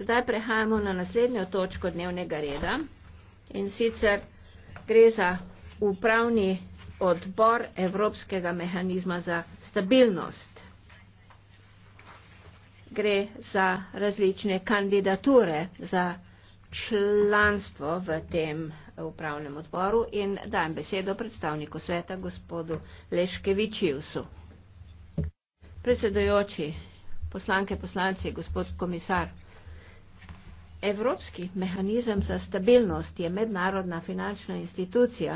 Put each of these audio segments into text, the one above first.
Sedaj prehajamo na naslednjo točko dnevnega reda in sicer gre za upravni odbor Evropskega mehanizma za stabilnost. Gre za različne kandidature za članstvo v tem upravnem odboru in dajem besedo predstavniku sveta gospodu Leškevičiusu. Predsedujoči, poslanke, poslanci, gospod komisar. Evropski mehanizem za stabilnost je mednarodna finančna institucija,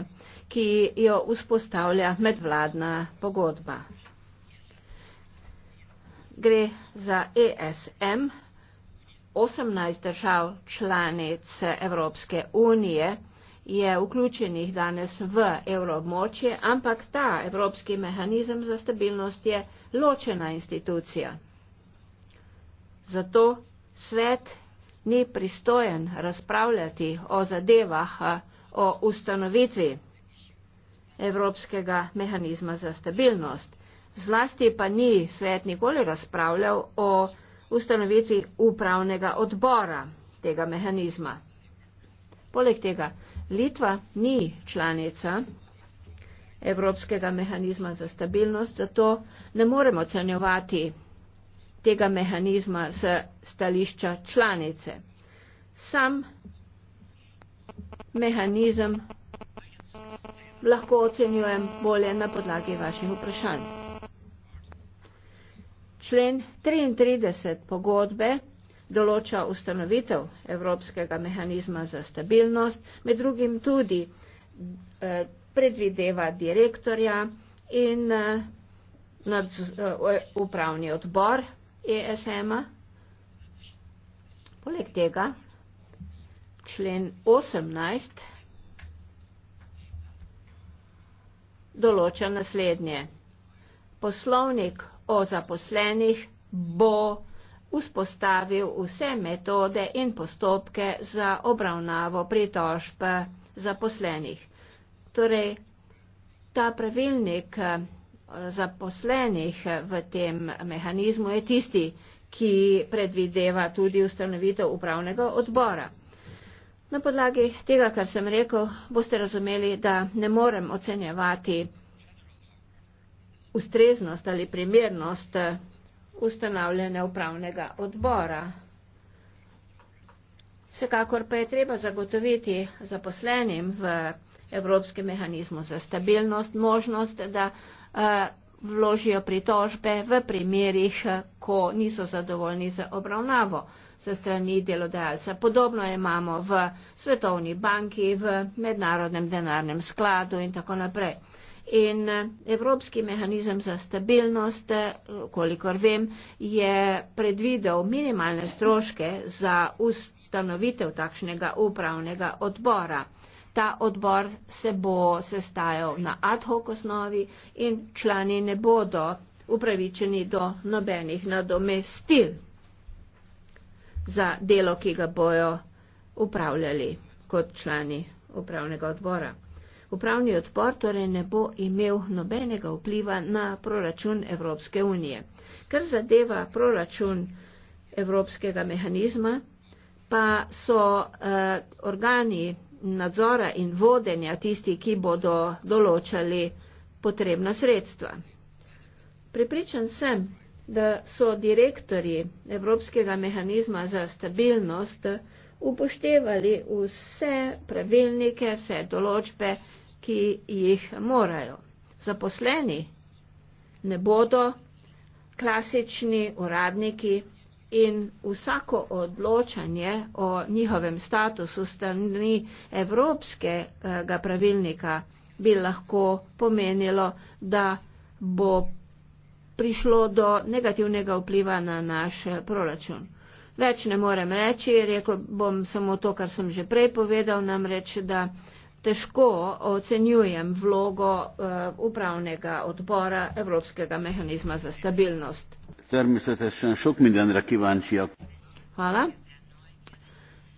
ki jo vzpostavlja medvladna pogodba. Gre za ESM, 18 držav članic Evropske unije je vključenih danes v evroobmočje, ampak ta Evropski mehanizem za stabilnost je ločena institucija. Zato svet ni pristojen razpravljati o zadevah o ustanovitvi Evropskega mehanizma za stabilnost. Zlasti pa ni svet nikoli razpravljal o ustanovitvi upravnega odbora tega mehanizma. Poleg tega, Litva ni članica Evropskega mehanizma za stabilnost, zato ne moremo ocenjevati tega mehanizma z stališča članice. Sam mehanizem lahko ocenjujem bolje na podlagi vaših vprašanj. Člen 33 pogodbe določa ustanovitev Evropskega mehanizma za stabilnost, med drugim tudi eh, predvideva direktorja in eh, eh, upravni odbor ESM-a. Poleg tega člen 18 določa naslednje. Poslovnik o zaposlenih bo vzpostavil vse metode in postopke za obravnavo pritožb zaposlenih. Torej, ta pravilnik zaposlenih v tem mehanizmu je tisti, ki predvideva tudi ustanovitev upravnega odbora. Na podlagi tega, kar sem rekel, boste razumeli, da ne morem ocenjevati ustreznost ali primernost ustanavljanja upravnega odbora. Vsekakor pa je treba zagotoviti zaposlenim v Evropskem mehanizmu za stabilnost možnost, da Eh, vložijo pritožbe v primerih, eh, ko niso zadovoljni z obravnavo za strani delodajalca. Podobno imamo v Svetovni banki, v Mednarodnem denarnem skladu in tako naprej. In eh, Evropski mehanizem za stabilnost, kolikor vem, je predvidel minimalne stroške za ustanovitev takšnega upravnega odbora ta odbor se bo sestajal na ad hoc osnovi in člani ne bodo upravičeni do nobenih nadomestil za delo, ki ga bojo upravljali kot člani upravnega odbora. Upravni odbor torej ne bo imel nobenega vpliva na proračun Evropske unije. Kar zadeva proračun Evropskega mehanizma, pa so eh, organi nadzora in vodenja tisti, ki bodo določali potrebna sredstva. Pripričan sem, da so direktori Evropskega mehanizma za stabilnost upoštevali vse pravilnike, vse določbe, ki jih morajo. Zaposleni ne bodo klasični uradniki, In vsako odločanje o njihovem statusu strani evropskega pravilnika bi lahko pomenilo, da bo prišlo do negativnega vpliva na naš proračun. Več ne morem reči, rekel bom samo to, kar sem že prej povedal, namreč, da težko ocenjujem vlogo eh, upravnega odbora Evropskega mehanizma za stabilnost természetesen sok mindenre kíváncsiak. Hvala.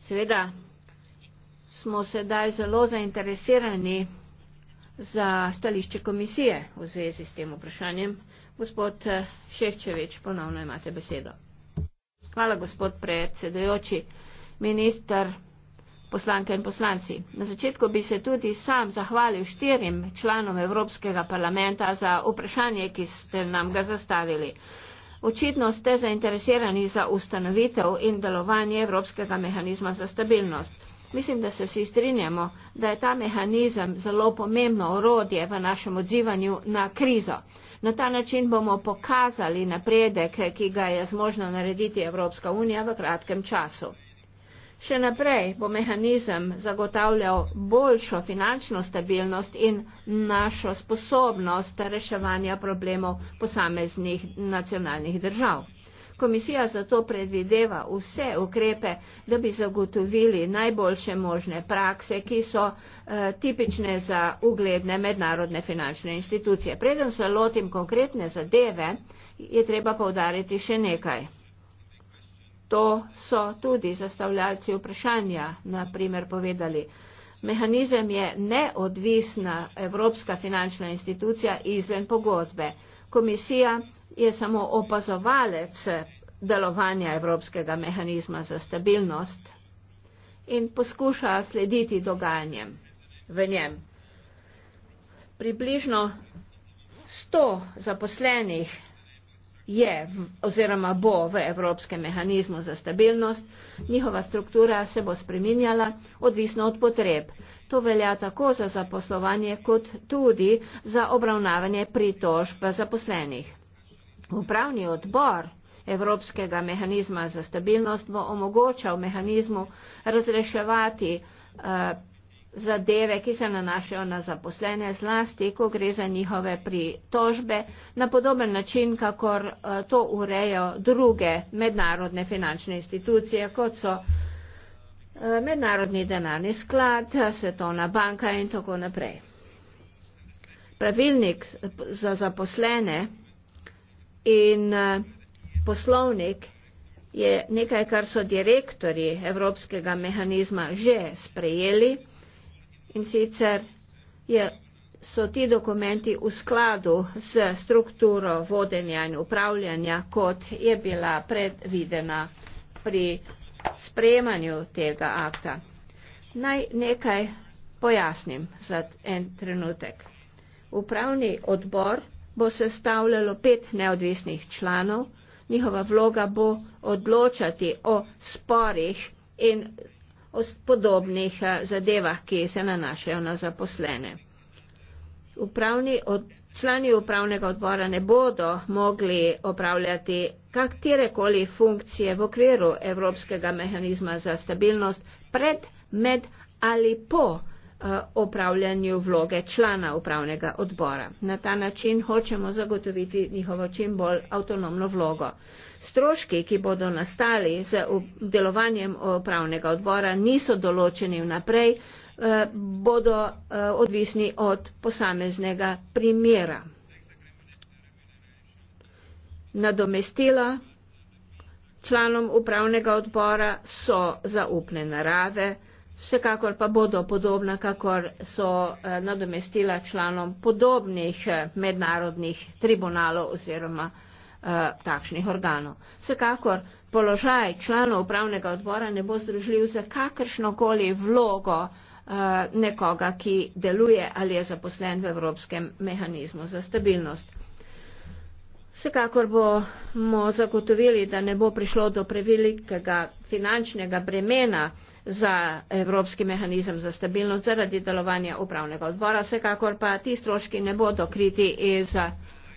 Seveda smo sedaj zelo zainteresirani za stališče komisije v zvezi s tem vprašanjem. Gospod eh, Ševčevič, ponovno imate besedo. Hvala, gospod predsedujoči, minister, poslanke in poslanci. Na začetku bi se tudi sam zahvalil štirim članom Evropskega parlamenta za vprašanje, ki ste nam ga zastavili. Očitno ste zainteresirani za ustanovitev in delovanje Evropskega mehanizma za stabilnost. Mislim, da se vsi strinjamo, da je ta mehanizem zelo pomembno orodje v našem odzivanju na krizo. Na ta način bomo pokazali napredek, ki ga je zmožna narediti Evropska unija v kratkem času. Še naprej bo mehanizem zagotavljal boljšo finančno stabilnost in našo sposobnost reševanja problemov posameznih nacionalnih držav. Komisija zato predvideva vse ukrepe, da bi zagotovili najboljše možne prakse, ki so e, tipične za ugledne mednarodne finančne institucije. Preden se lotim konkretne zadeve, je treba povdariti še nekaj. To so tudi zastavljalci vprašanja, naprimer, povedali. Mehanizem je neodvisna evropska finančna institucija izven pogodbe. Komisija je samo opazovalec delovanja evropskega mehanizma za stabilnost in poskuša slediti dogajanjem v njem. Približno 100 zaposlenih je oziroma bo v evropskem mehanizmu za stabilnost, njihova struktura se bo spreminjala odvisno od potreb. To velja tako za zaposlovanje kot tudi za obravnavanje pritožb zaposlenih. Upravni odbor Evropskega mehanizma za stabilnost bo omogočal mehanizmu razreševati uh, zadeve, ki se nanašajo na zaposlene, zlasti, ko gre za njihove pritožbe, na podoben način, kakor eh, to urejo druge mednarodne finančne institucije, kot so eh, Mednarodni denarni sklad, Svetovna banka in tako naprej. Pravilnik za zaposlene in eh, poslovnik je nekaj, kar so direktori Evropskega mehanizma že sprejeli in sicer je, so ti dokumenti v skladu s strukturo vodenja in upravljanja, kot je bila predvidena pri sprejemanju tega akta. Naj nekaj pojasnim za en trenutek. Upravni odbor bo sestavljalo pet neodvisnih članov, njihova vloga bo odločati o sporih in o podobnih eh, zadevah, ki se nanašajo na zaposlene. Upravni od, člani upravnega odbora ne bodo mogli opravljati katerekoli funkcije v okviru Evropskega mehanizma za stabilnost pred, med ali po Eh, opravljanju vloge člana upravnega odbora. Na ta način hočemo zagotoviti njihovo čim bolj avtonomno vlogo. Stroški, ki bodo nastali z delovanjem upravnega odbora, niso določeni vnaprej, eh, bodo eh, odvisni od posameznega primera. Nadomestila članom upravnega odbora so zaupne narave, Vsekakor pa bodo podobna, kakor so eh, nadomestila članom podobnih eh, mednarodnih tribunalov oziroma eh, takšnih organov. Vsekakor položaj članov upravnega odbora ne bo združljiv za kakršnokoli vlogo eh, nekoga, ki deluje ali je zaposlen v Evropskem mehanizmu za stabilnost. Vsekakor bomo zagotovili, da ne bo prišlo do prevelikega finančnega bremena, za Evropski mehanizem za stabilnost zaradi delovanja upravnega odbora, vsekakor pa ti stroški ne bodo kriti iz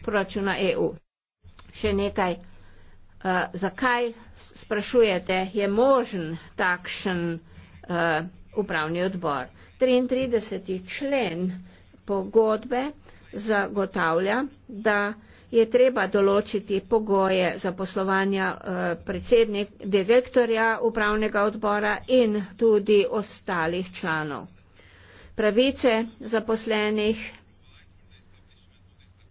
proračuna EU. Še nekaj, uh, zakaj sprašujete, je možen takšen uh, upravni odbor. 33. člen pogodbe zagotavlja, da je treba določiti pogoje zaposlovanja eh, predsednik, direktorja upravnega odbora in tudi ostalih članov. Pravice zaposlenih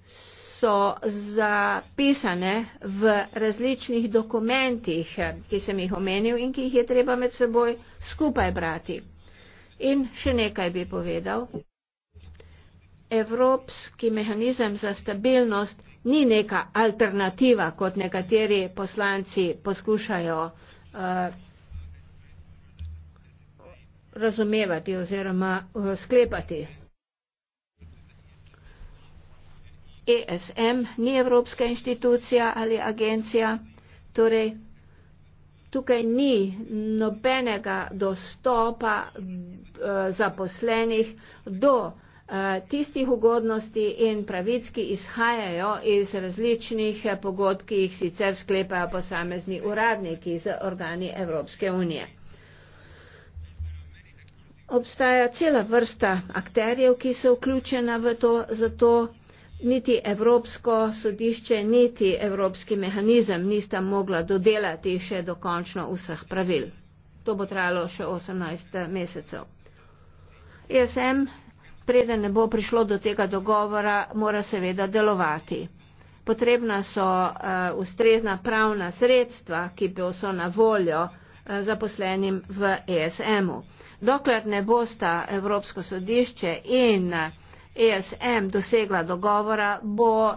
so zapisane v različnih dokumentih, ki sem jih omenil in ki jih je treba med seboj skupaj brati. In še nekaj bi povedal. Evropski mehanizem za stabilnost ni neka alternativa, kot nekateri poslanci poskušajo uh, razumevati oziroma eh, sklepati. ESM ni Evropska inštitucija ali agencija, torej tukaj ni nobenega dostopa uh, zaposlenih do Eh, tistih ugodnosti in pravic, ki izhajajo iz različnih eh, pogodb, ki jih sicer sklepajo posamezni uradniki z organi Evropske unije. Obstaja cela vrsta akterjev, ki so vključena v to, zato niti Evropsko sodišče, niti Evropski mehanizem nista mogla dodelati še dokončno vseh pravil. To bo trajalo še 18 eh, mesecev. ESM preden ne bo prišlo do tega dogovora, mora seveda delovati. Potrebna so uh, ustrezna pravna sredstva, ki bi so na voljo uh, zaposlenim v ESM-u. Dokler ne bosta Evropsko sodišče in ESM dosegla dogovora, bo uh,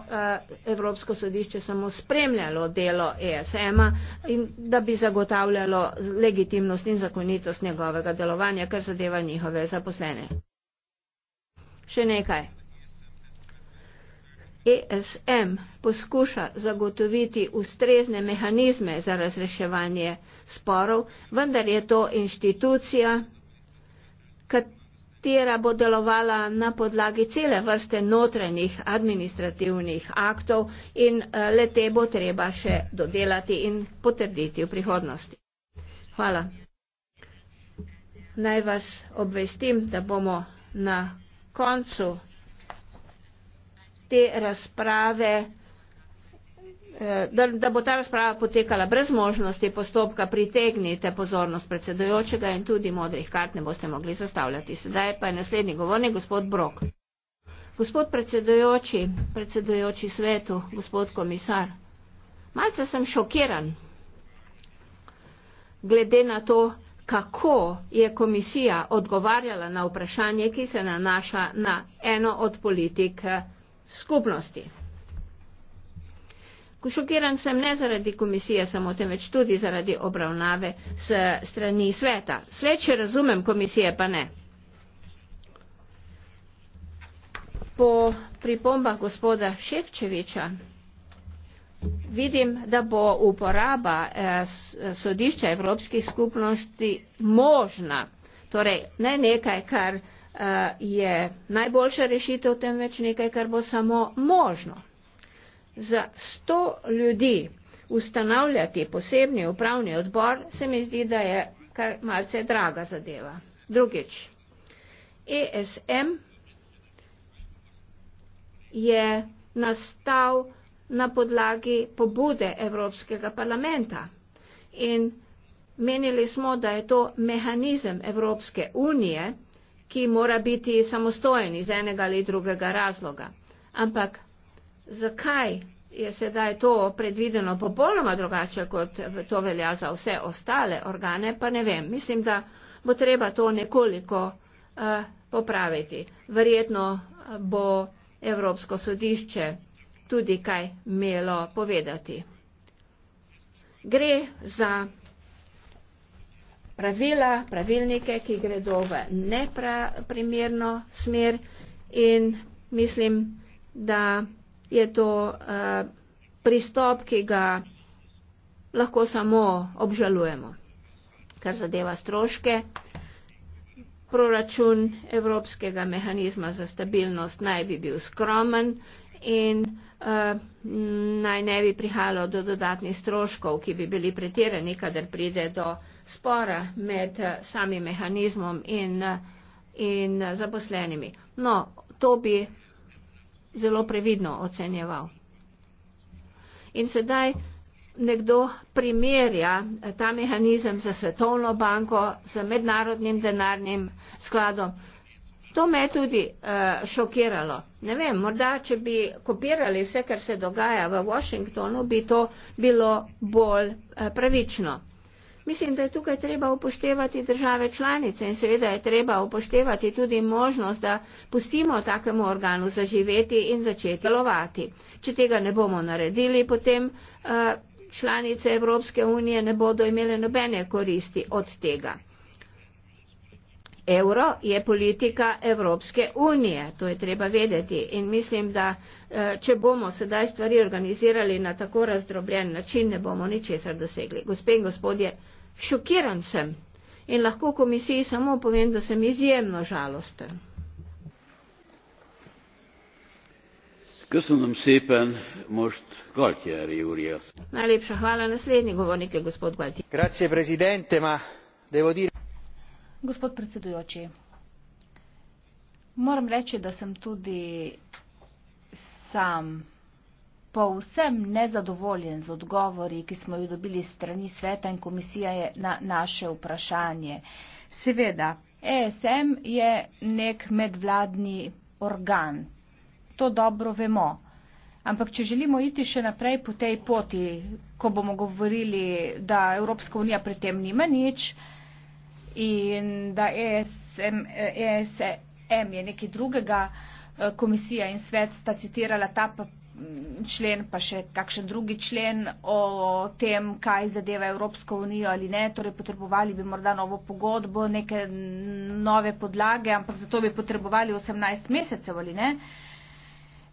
Evropsko sodišče samo spremljalo delo ESM-a in da bi zagotavljalo legitimnost in zakonitost njegovega delovanja, kar zadeva njihove zaposlene. Še nekaj. ESM poskuša zagotoviti ustrezne mehanizme za razreševanje sporov, vendar je to inštitucija, katera bo delovala na podlagi cele vrste notranjih administrativnih aktov in eh, le te bo treba še dodelati in potrditi v prihodnosti. Hvala. Naj vas obvestim, da bomo na koncu te razprave, eh, da, da bo ta razprava potekala brez možnosti postopka, pritegnite pozornost predsedojočega in tudi modrih kart ne boste mogli zastavljati. Sedaj pa je naslednji govornik, gospod Brok. Gospod predsedojoči, predsedojoči svetu, gospod komisar, malce sem šokiran glede na to, kako je komisija odgovarjala na vprašanje, ki se nanaša na eno od politik eh, skupnosti. Šokiran sem ne zaradi komisije samo, temveč tudi zaradi obravnave s strani sveta. Svet še razumem, komisije pa ne. Po pripombah gospoda Ševčeviča vidim, da bo uporaba eh, sodišča Evropskih skupnosti možna. Torej, ne nekaj, kar eh, je najboljša rešitev, temveč nekaj, kar bo samo možno. Za sto ljudi ustanavljati posebni upravni odbor se mi zdi, da je kar malce draga zadeva. Drugič, ESM je nastal na podlagi pobude Evropskega parlamenta. In menili smo, da je to mehanizem Evropske unije, ki mora biti samostojen iz enega ali drugega razloga. Ampak zakaj je sedaj to predvideno popolnoma drugače, kot to velja za vse ostale organe, pa ne vem. Mislim, da bo treba to nekoliko uh, popraviti. Verjetno eh, bo Evropsko sodišče tudi kaj imelo povedati. Gre za pravila, pravilnike, ki gredo v neprimerno smer in mislim, da je to eh, pristop, ki ga lahko samo obžalujemo, kar zadeva stroške. Proračun Evropskega mehanizma za stabilnost naj bi bil skromen in uh, naj ne bi prihajalo do dodatnih stroškov, ki bi bili pretirani, kadar pride do spora med eh, samim mehanizmom in, in eh, zaposlenimi. No, to bi zelo previdno ocenjeval. In sedaj nekdo primerja eh, ta mehanizem za Svetovno banko, za Mednarodnim denarnim skladom. To me je tudi uh, šokiralo. Ne vem, morda, če bi kopirali vse, kar se dogaja v Washingtonu, bi to bilo bolj uh, pravično. Mislim, da je tukaj treba upoštevati države članice in seveda je treba upoštevati tudi možnost, da pustimo takemu organu zaživeti in začeti delovati. Če tega ne bomo naredili, potem uh, članice Evropske unije ne bodo imele nobene koristi od tega. Evro je politika Evropske unije, to je treba vedeti. In mislim, da eh, če bomo sedaj stvari organizirali na tako razdrobljen način, ne bomo ničesar dosegli. Gospe in gospodje, šokiran sem in lahko komisiji samo povem, da sem izjemno žalosten. Köszönöm szépen, most Galtieri úr jössz. Najlépse hvala, naslednyi govornik, gospod Galtieri. Grazie, presidente, ma devo dire... Gospod predsedujoči, moram reči, da sem tudi sam povsem nezadovoljen z odgovori, ki smo jo dobili strani sveta in komisija je na naše vprašanje. Seveda, ESM je nek medvladni organ. To dobro vemo. Ampak, če želimo iti še naprej po tej poti, ko bomo govorili, da Evropska unija pri tem nima nič, in da ESM, ESM je nekaj drugega. Eh, komisija in svet sta citirala ta mm, člen, pa še kakšen drugi člen o tem, kaj zadeva Evropsko unijo ali ne. Torej, potrebovali bi morda novo pogodbo, neke nove podlage, ampak za to bi potrebovali 18 mesecev ali ne.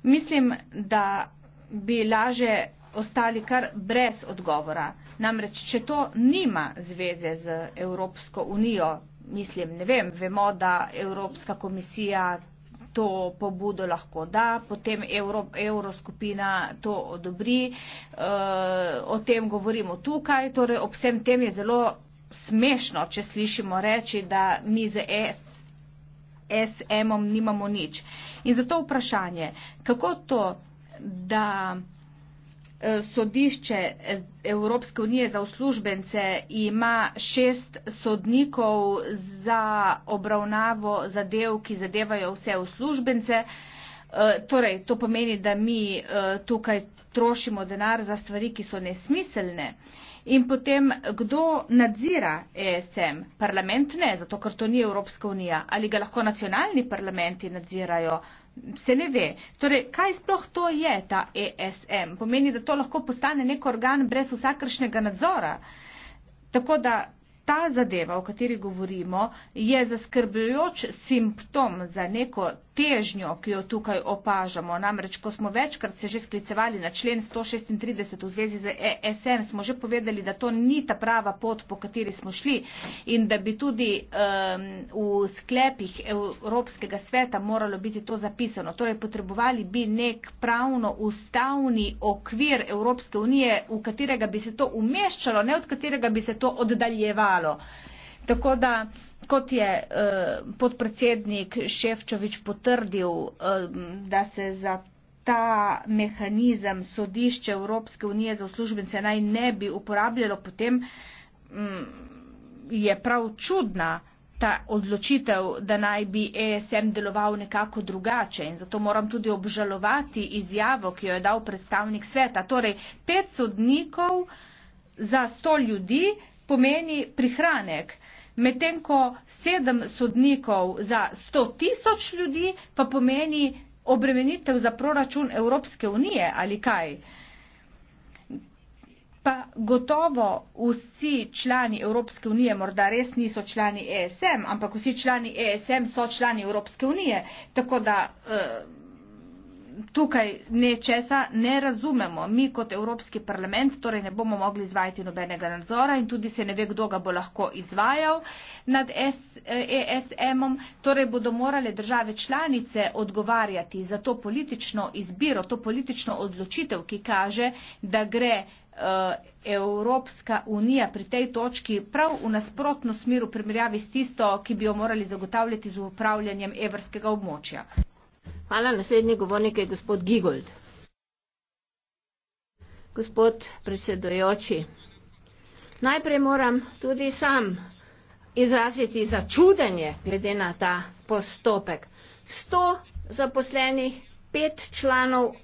Mislim, da bi laže ostali kar brez odgovora. Namreč, če to nima zveze z Evropsko unijo, mislim, ne vem, vemo, da Evropska komisija to pobudo lahko da, potem Euro, Euroskupina to odobri, e, o tem govorimo tukaj, torej ob vsem tem je zelo smešno, če slišimo reči, da mi z SM-om nimamo nič. In zato vprašanje, kako to, da Eh, sodišče Evropske unije za uslužbence ima šest sodnikov za obravnavo zadev, ki zadevajo vse uslužbence. Eh, torej, to pomeni, da mi eh, tukaj trošimo denar za stvari, ki so nesmiselne. In potem, kdo nadzira ESM? Parlament ne, zato ker to ni Evropska unija. Ali ga lahko nacionalni parlamenti nadzirajo? Se ne ve. Torej, kaj sploh to je ta ESM? Pomeni, da to lahko postane nek organ brez vsakršnega nadzora. Tako da ta zadeva, o kateri govorimo, je zaskrbljujoč simptom za neko težnjo, ki jo tukaj opažamo. Namreč, ko smo večkrat se že sklicevali na člen 136 v zvezi z ESM, smo že povedali, da to ni ta prava pot, po kateri smo šli in da bi tudi um, v sklepih Evropskega sveta moralo biti to zapisano. Torej, potrebovali bi nek pravno ustavni okvir Evropske unije, v katerega bi se to umeščalo, ne od katerega bi se to oddaljevalo. Tako da kot je eh, podpredsednik Ševčovič potrdil, eh, da se za ta mehanizem sodišče Evropske unije za uslužbence naj ne bi uporabljalo, potem mm, je prav čudna ta odločitev, da naj bi ESM deloval nekako drugače in zato moram tudi obžalovati izjavo, ki jo je dal predstavnik sveta. Torej, pet sodnikov za sto ljudi pomeni prihranek medtem ko sedem sodnikov za sto tisoč ljudi pa pomeni obremenitev za proračun Evropske unije ali kaj. Pa gotovo vsi člani Evropske unije morda res niso člani ESM, ampak vsi člani ESM so člani Evropske unije, tako da eh, tukaj nečesa ne razumemo. Mi kot Evropski parlament torej ne bomo mogli izvajati nobenega nadzora in tudi se ne ve, kdo ga bo lahko izvajal nad ESM-om. Eh, e torej bodo morale države članice odgovarjati za to politično izbiro, to politično odločitev, ki kaže, da gre. Eh, Evropska unija pri tej točki prav v nasprotno smer v primerjavi s tisto, ki bi jo morali zagotavljati z upravljanjem evrskega območja. Hvala. Naslednji govornik je gospod Gigold. Gospod predsedojoči, najprej moram tudi sam izraziti začudenje glede na ta postopek. 100 zaposlenih, 5 članov uh,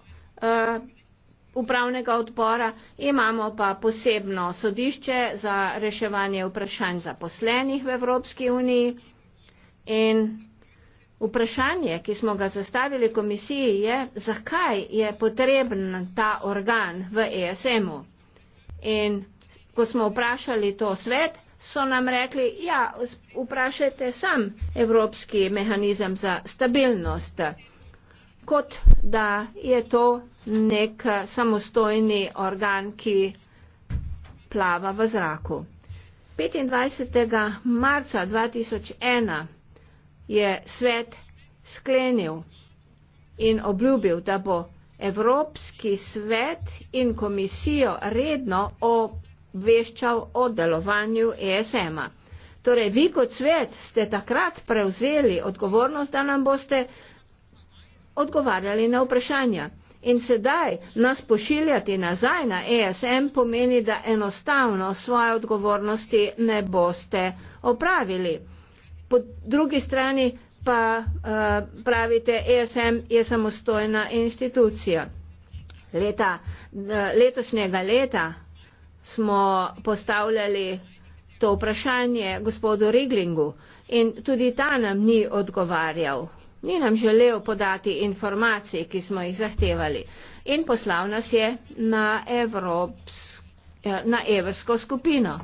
upravnega odbora, imamo pa posebno sodišče za reševanje vprašanj zaposlenih v Evropski uniji in Vprašanje, ki smo ga zastavili komisiji, je, zakaj je potreben ta organ v ESM-u. In ko smo vprašali to svet, so nam rekli, ja, vprašajte sam Evropski mehanizem za stabilnost, kot da je to nek samostojni organ, ki plava v zraku. 25. marca 2001 je svet sklenil in obljubil, da bo Evropski svet in komisijo redno obveščal o delovanju ESM-a. Torej, vi kot svet ste takrat prevzeli odgovornost, da nam boste odgovarjali na vprašanja. In sedaj nas pošiljati nazaj na ESM pomeni, da enostavno svoje odgovornosti ne boste opravili po drugi strani pa uh, pravite, ESM je samostojna institucija. Leta, eh, letošnjega leta smo postavljali to vprašanje gospodu Riglingu in tudi ta nam ni odgovarjal. Ni nam želel podati informacij, ki smo jih zahtevali. In poslal nas je na, Evrops, eh, na evrsko skupino. Uh,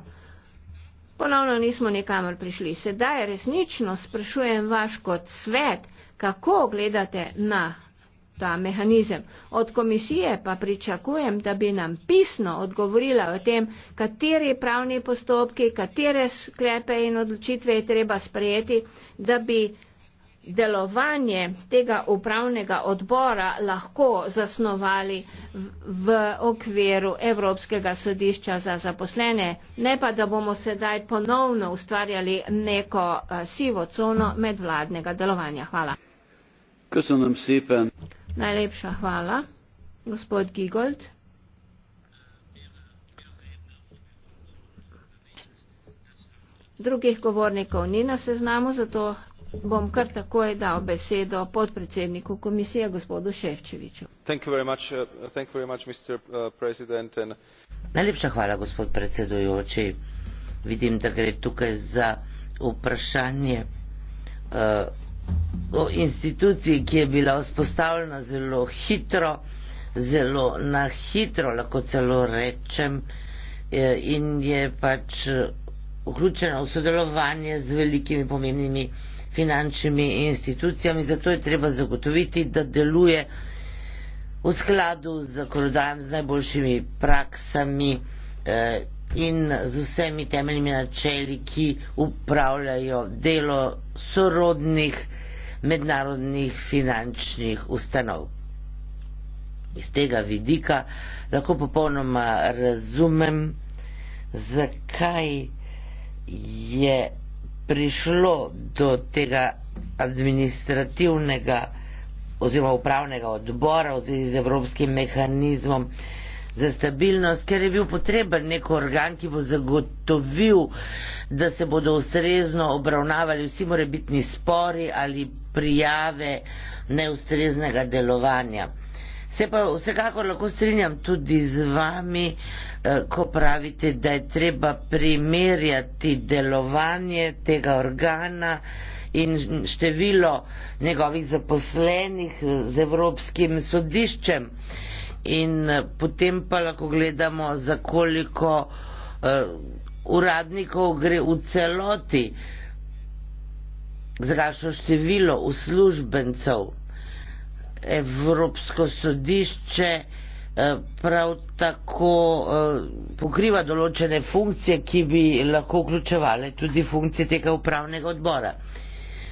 ponovno nismo nikamor prišli. Sedaj resnično sprašujem vaš kot svet, kako gledate na ta mehanizem. Od komisije pa pričakujem, da bi nam pisno odgovorila o tem, kateri pravni postopki, katere sklepe in odločitve je treba sprejeti, da bi delovanje tega upravnega odbora lahko zasnovali v okviru Evropskega sodišča za zaposlene, ne pa da bomo sedaj ponovno ustvarjali neko eh, sivo cono medvladnega delovanja. Hvala. Najlepša hvala. Gospod Gigold. Drugih govornikov ni na seznamu, zato Bom kar takoj dal besedo podpredsedniku komisije gospodu Ševčeviču. Uh, uh, Najlepša hvala, gospod predsedujoči. Vidim, da gre tukaj za vprašanje uh, o instituciji, ki je bila vzpostavljena zelo hitro, zelo na hitro, lahko celo rečem, in je pač uh, vključena v sodelovanje z velikimi pomembnimi finančnimi institucijami, zato je treba zagotoviti, da deluje v skladu z zakonodajem, z najboljšimi praksami eh, in z vsemi temeljnimi načeli, ki upravljajo delo sorodnih mednarodnih finančnih ustanov. Iz tega vidika lahko popolnoma razumem, zakaj je prišlo do tega administrativnega oziroma upravnega odbora v zvezi z evropskim mehanizmom za stabilnost, ker je bil potreben nek organ, ki bo zagotovil, da se bodo ustrezno obravnavali vsi morebitni spori ali prijave neustreznega delovanja. Se pa vsekakor lahko strinjam tudi z vami, eh, ko pravite, da je treba primerjati delovanje tega organa in število njegovih zaposlenih z Evropskim sodiščem. In eh, potem pa lahko gledamo, za koliko eh, uradnikov gre v celoti, za kakšno število uslužbencev. Evropsko sodišče eh, prav tako eh, pokriva določene funkcije, ki bi lahko vključevale tudi funkcije tega upravnega odbora.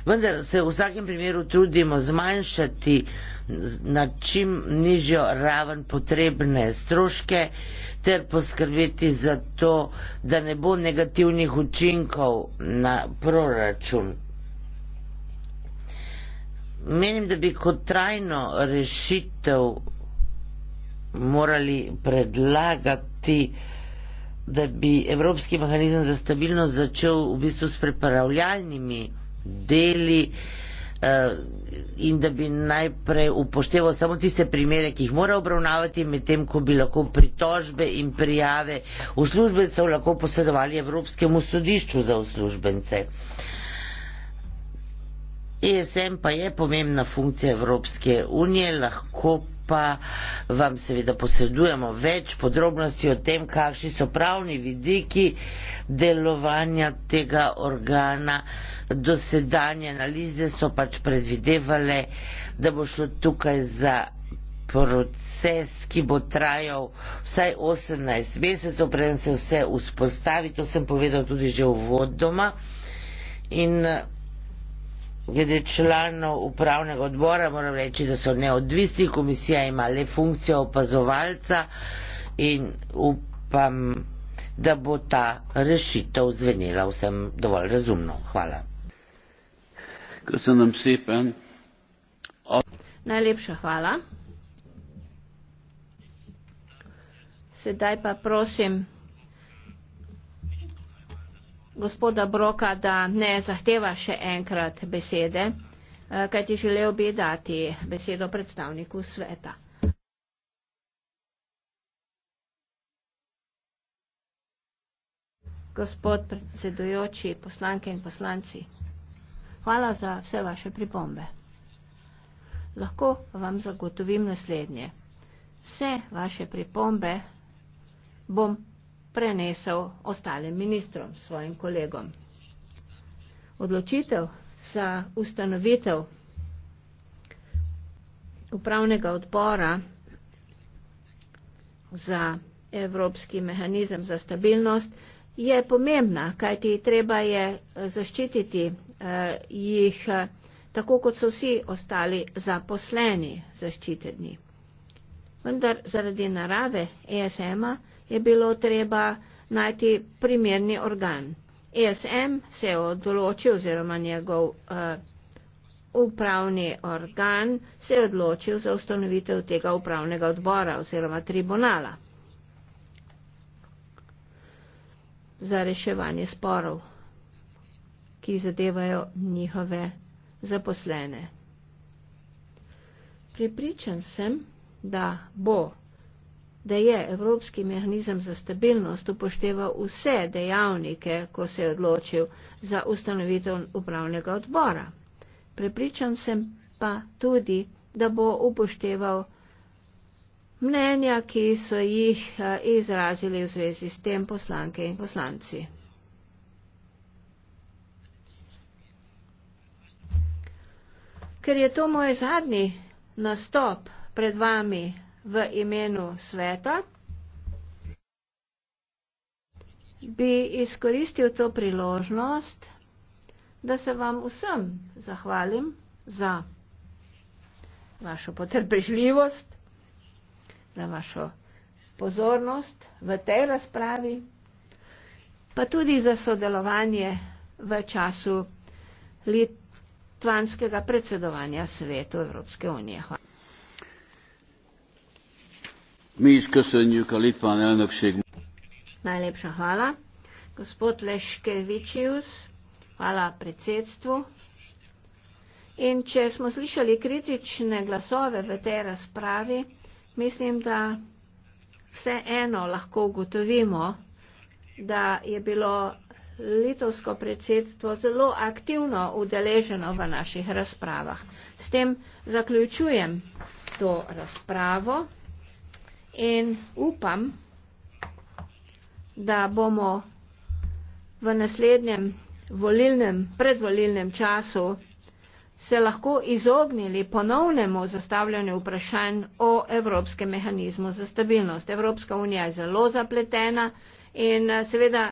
Vendar se v vsakem primeru trudimo zmanjšati na čim nižjo raven potrebne stroške ter poskrbeti za to, da ne bo negativnih učinkov na proračun. Menim, da bi kot trajno rešitev morali predlagati, da bi Evropski mehanizem za stabilnost začel v bistvu s pripravljalnimi deli uh, in da bi najprej upošteval samo tiste primere, ki jih mora obravnavati, medtem ko bi lahko pritožbe in prijave uslužbencev lahko posredovali Evropskemu sodišču za uslužbence. Uh, ESM pa je pomembna funkcija Evropske unije, lahko pa vam seveda posredujemo več podrobnosti o tem, kakšni so pravni vidiki delovanja tega organa. Dosedanje analize so pač predvidevale, da bo šlo tukaj za proces, ki bo trajal vsaj 18 mesecev, preden se vse vzpostavi, to sem povedal tudi že v vodoma. In glede članov upravnega odbora moram reči, da so neodvisni, komisija ima le funkcijo opazovalca in upam, da bo ta rešitev zvenela vsem dovolj razumno. Hvala. Najlepša hvala. Sedaj pa prosim gospoda Broka, da ne zahteva še enkrat besede, eh, kaj ti želel bi dati besedo predstavniku sveta. Gospod predsedujoči, poslanke in poslanci, hvala za vse vaše pripombe. Lahko vam zagotovim naslednje. Vse vaše pripombe bom prenesel ostalim ministrom, svojim kolegom. Odločitev za ustanovitev upravnega odbora za evropski mehanizem za stabilnost je pomembna, kajti treba je eh, zaščititi eh, jih eh, tako, kot so vsi ostali zaposleni zaščiteni. Vendar zaradi narave ESM-a je bilo treba najti primerni organ. ESM se je odločil oziroma njegov uh, upravni organ se je odločil za ustanovitev tega upravnega odbora oziroma tribunala za reševanje sporov, ki zadevajo njihove zaposlene. Pripričan sem, da bo da je Evropski mehanizem za stabilnost upošteval vse dejavnike, ko se je odločil za ustanovitev upravnega odbora. Prepričan sem pa tudi, da bo upošteval mnenja, ki so jih eh, izrazili v zvezi s tem poslanke in poslanci. Ker je to moj zadnji nastop pred vami v imenu sveta, bi izkoristil to priložnost, da se vam vsem zahvalim za vašo potrpežljivost, za vašo pozornost v tej razpravi, pa tudi za sodelovanje v času Litvanskega predsedovanja svetu Evropske unije. Hvala. Mi is köszönjük a litván elnökség. Najlepša hvala. Gospod Leškevičius, hvala predsedstvu. In če smo slišali kritične glasove v tej razpravi, mislim, da vse eno lahko ugotovimo, da je bilo litovsko predsedstvo zelo aktivno udeleženo v naših razpravah. S tem zaključujem to razpravo in upam, da bomo v naslednjem volilnem, predvolilnem času se lahko izognili ponovnemu zastavljanju vprašanj o evropskem mehanizmu za stabilnost. Evropska unija je zelo zapletena in seveda